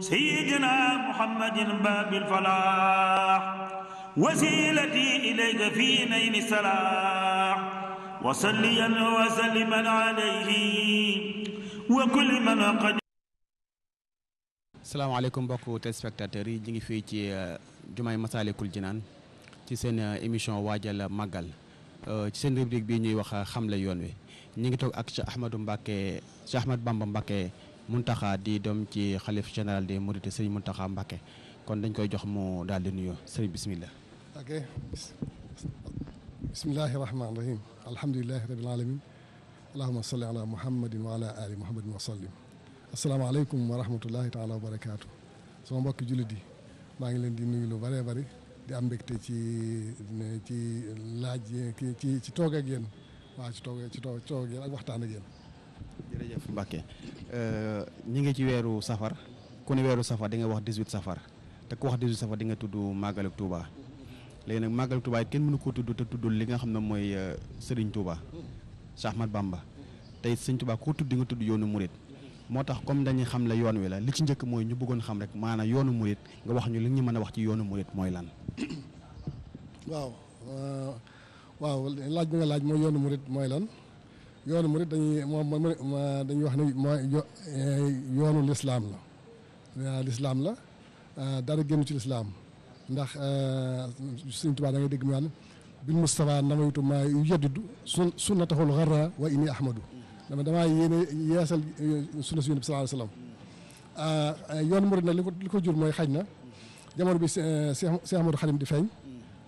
سيدنا محمد باب الفلاح وسيلتي إليك في نيل السلاح وصليا وسلما عليه وكل من قد salaamaaleykum mbokk téléspectateurs yi ñu ngi fii ci euh, jumaay Masaalikul Jinaan ci seen euh, émission waajal màggal euh, ci seen rubrique bi ñuy wax xamle yoon wi ñu ngi toog ak Cheikh Ahmadou Mbacké Cheikh Ahmad Bamba Mbacké Muntaxa di doom ci xalif général des Mourides sëriñ Muntaxa Mbàkke kon dañ koy jox mu daal di nuyoo sëriñ bisimilah. ok bisimilahi rahmaani rahim alhamdulilahi rabil alamin allahuma salli ala muhammadin wa ala ali muhammadin wa sallim asalaamaaleykum wa rahmatullahi taala wa barakaatu sama mbokki jullit yi maa ngi leen di nuyu lu bëree bëri di am mbégte ci ci laaj ci ci toog ak yéen waaw ci toog ci toog ak yéen ak waxtaan Mbacke euh, ñi ngi ci weeru safar ku ne weeru safar di nga wax 18 safar te ku wax 18 safar di nga tudd màggalug Touba léegi nag màggalug Touba it kenn mënu koo tudd te tuddul li nga xam ne mooy euh, Serigne Touba Cheikh Ahmad Bamba te it Serigne Touba ku tudd di nga tudd yoonu Mouride moo tax comme dañuy xam la yoon wi la li ci njëkk mooy ñu bëggoon xam rek maanaam yoonu Mouride nga wax ñu li ñu mën a wax ci yoonu Mouride mooy lan. waaw euh, waaw laaj bi nga laaj mooy yoonu Mouride mooy yoonu murit dañuy moom ma dañuy wax ne mooy eh, yoonu lislaam la lislaam la ah, dara génn ci lislaam ndax ah, Sëriñ Tuubaa da ngay dégg mu naan bil Mustafa nawaytu maa yu yaddidu sun sunnatahul xarra wa inni ahmadu damaa yéene yeesal eh, sunna si Yonent bi ah, yoonu murit nag li ko li ko jur mooy xaj na jamono bi eh, Seex Ahmadu Xadim di feeñ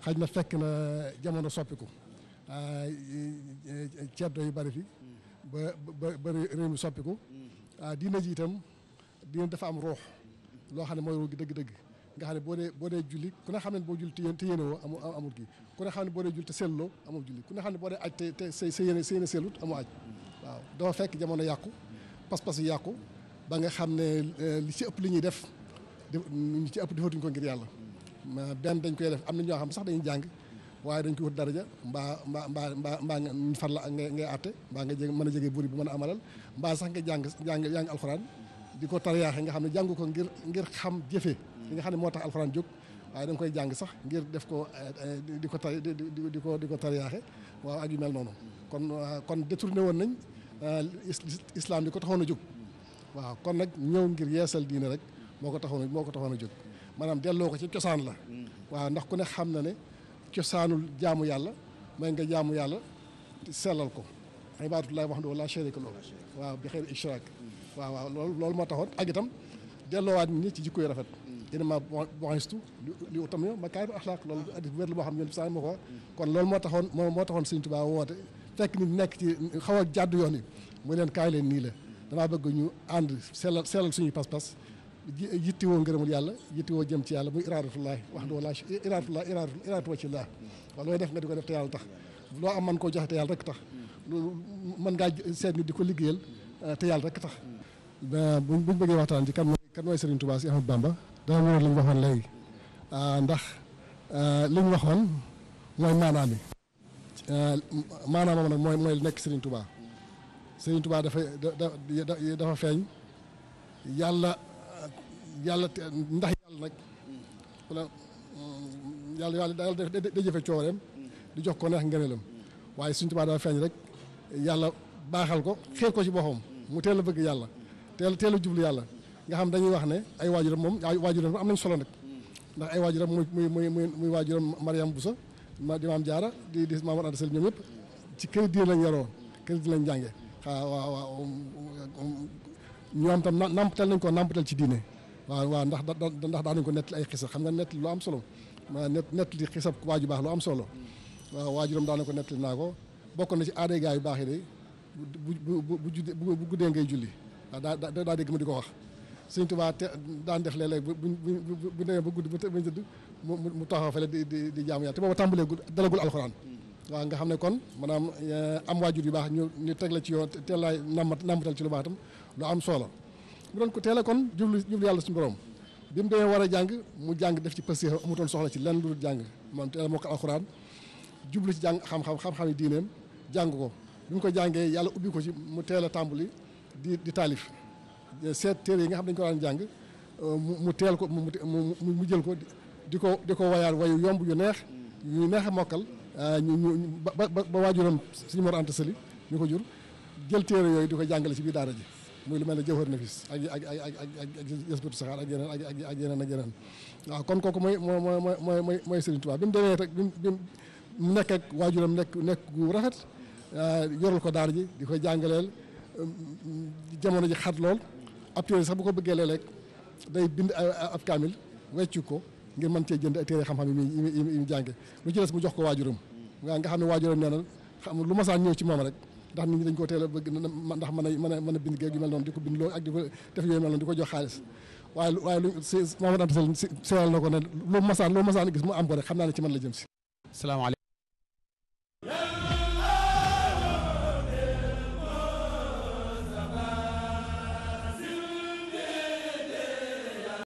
xaj na fekk na jamono ko Ah, eh, eh, doo yu bari fi mm. ba ba ba réew mi soppiku mm. ah, diina ji itam diina dafa am ruux loo xam ne mooy ruux gi dëgg-dëgg nga xam ne boo dee boo dee julli ku ne xam ne boo julli te te yéene woo amul amul kii ku xam ne boo dee julli te selloo amul julli ku ne xam ne boo dee aj te te sa se sa yéene sellut amul aj mm. waaw doo fekk jamono yàqu pas-pas yàqu ba nga xam ne eh, li ci ëpp li ñuy def li ci ëpp defatuñ ko ngir yàlla benn dañ koy def am na ñoo xam sax dañuy jàng waaye dañ ko wut daraja mbaa mbaa mbaa mbaa mbaa nga far la ngay ngay àtte mbaa nga jege mën a jege buri bi mën a amalal mbaa sax nga jàng jàng jàng alxuraan di ko tariyaaxe nga xam ne jàng ko ngir ngir xam jëfe li nga xam ne moo tax alxuraan jóg waaye da koy jàng sax ngir def ko eh, di ko tar di ko di ko tariyaaxe waaw ak mel noonu kon eh, kon détourné woon nañ eh, islam di ko taxoon a jóg waaw kon nag ñëw ngir yeesal diine rek moo ko taxoon moo ko taxoon a jóg maanaam delloo ko ci cosaan la hmm. waaw ndax ku ne xam na ne cosaanul jaamu yàlla may nga jaamu yàlla sellal ko ibaadatullahi wahdahu la sharika lahu waaw bi xeyri ishraak waaw waaw loolu loolu moo taxoon ak itam delloowaat nit ñi ci jikko yu rafet innamaa bu'istu li utammima makaarimal axlaaq loolu hadiis bu wér la boo xam ne ko kon loolu moo taxoon moo moo taxoon Sëñ Tuubaa woote fekk nit nekk ci xaw a jàddu yoon yi mu leen kaay leen nii la damaa bëgg ñu ànd sellal sellal suñuy pas-pas ji yittewoo ngërëmul yàlla yittewoo jëm ci yàlla muy iraadatullaahi wax dëgg wala iraadatullaahi iraadatu wacillaahi wala looy def nga di ko def te yàlla tax loo am man koo joxe te yàlla rek tax mën ngaa seet ni di ko liggéeyal eh, te yàlla rek tax buñ bëggee waxtaan ci kan mooy kan mooy Serigne Touba si Ahmad Bamba dana mënal li ñu waxoon léegi ah, ndax eh, li ñu waxoon mooy maanaam yi eh, maanaam moom nag mooy mooy nekk Serigne Touba Serigne Touba dafa dafa feeñ yàlla yàlla te ndax yàlla nag wala mm, yàlla yàlla daal day jëfe di jox ko neex ngëneelam waaye suñ tubaab dafa feeñ rek yàlla baaxal ko xeer ko ci boppam mu teel a bëgg yàlla teel teel jublu yàlla nga xam dañuy wax ne ay waajuram moom ay waajuram am nañ solo nag ndax ay waajuram muy muy muy muy muy waajuram Mariam Bousso ma di maam Jaara di di maam Anta Sall ñoom yëpp ci kër diir lañ yaroo kër diir lañ jànge waaw waaw waaw um, um, um, ñu nañ ko namputal ci diine waaw waa ndax ndax daanañ ko nettali ay xisa xam nga nettali lu am solo ma nettali xisab ku waaju baax lu am solo waaw waajuram daana ko nettali naa ko bokk na ci aaday gaa yi baax yi day bu bu bu guddee ngay julli waaw daa daa dégg ma di ko wax Sëñ Tuubaa te daan def léeg-léeg bu bu demee ba te ba tëdd mu taxaw fële di di di jaamu Yàlla te booba tàmbalee gud dalagul alxuraan waaw nga xam ne kon maanaam eh, am waajur yu baax ñu ñu teg la ci yoon teel laa nammatal ci lu baax tam lu am solo mu doon ko teel a kon jublu jublu yàlla suñu borom bi mu demee war a jàng mu jàng def ci pëstéef amutoon soxla ci lenn lu dul jàng maanaam teel a mokkal alxuraan jublu ci jàng xam-xam xam-xam yi diineem jàng ko bi mu ko jàngee yàlla ubbi ko ci mu teel a tàmbali di di taalif seet téere yi nga xam dañu ko daan jàng mu teel ko mu mu jël ko di ko di ko wayaat wayu yomb yu neex yu neex a mokkal ñu ba waajuram suñu Mor Anta Sali ñu ko jur jël téere yooyu di ko jàngale ci biir daara ji muy lu mel ne jëfar nafis ak ak ak ak ak ak yësbatu saxaar ak yeneen ak ak ak yeneen ak yeneen waaw kon kooku mooy mooy mooy mooy mooy Serigne Touba bi mu demee rek bi mu nekk ak waajuram nekk nekk gu rafet euh, yoral ko daara ji di ko jàngaleel euh, jamono ji xat lool ab téere sax bu ko bëggee léeg-léeg day bind ab kaamil weccu ko ngir mën cee jënd ay téere xam-xam yi muy yi muy jànge lu ci des mu jox ko waajuram nga xam ne waajuram nee na xam lu masaan ñëw ci moom rek. ndax nit ñi dañ koo a bëgg ndax mën a a mën a bind géej yu mel noonu di ko bind loo ko def yooyu mel noonu di ko jox xaalis waaye waaye lu si na ko ne loo masaan loo masaan mu am ko xam naa ne ci man la jëm si salaamaaleykum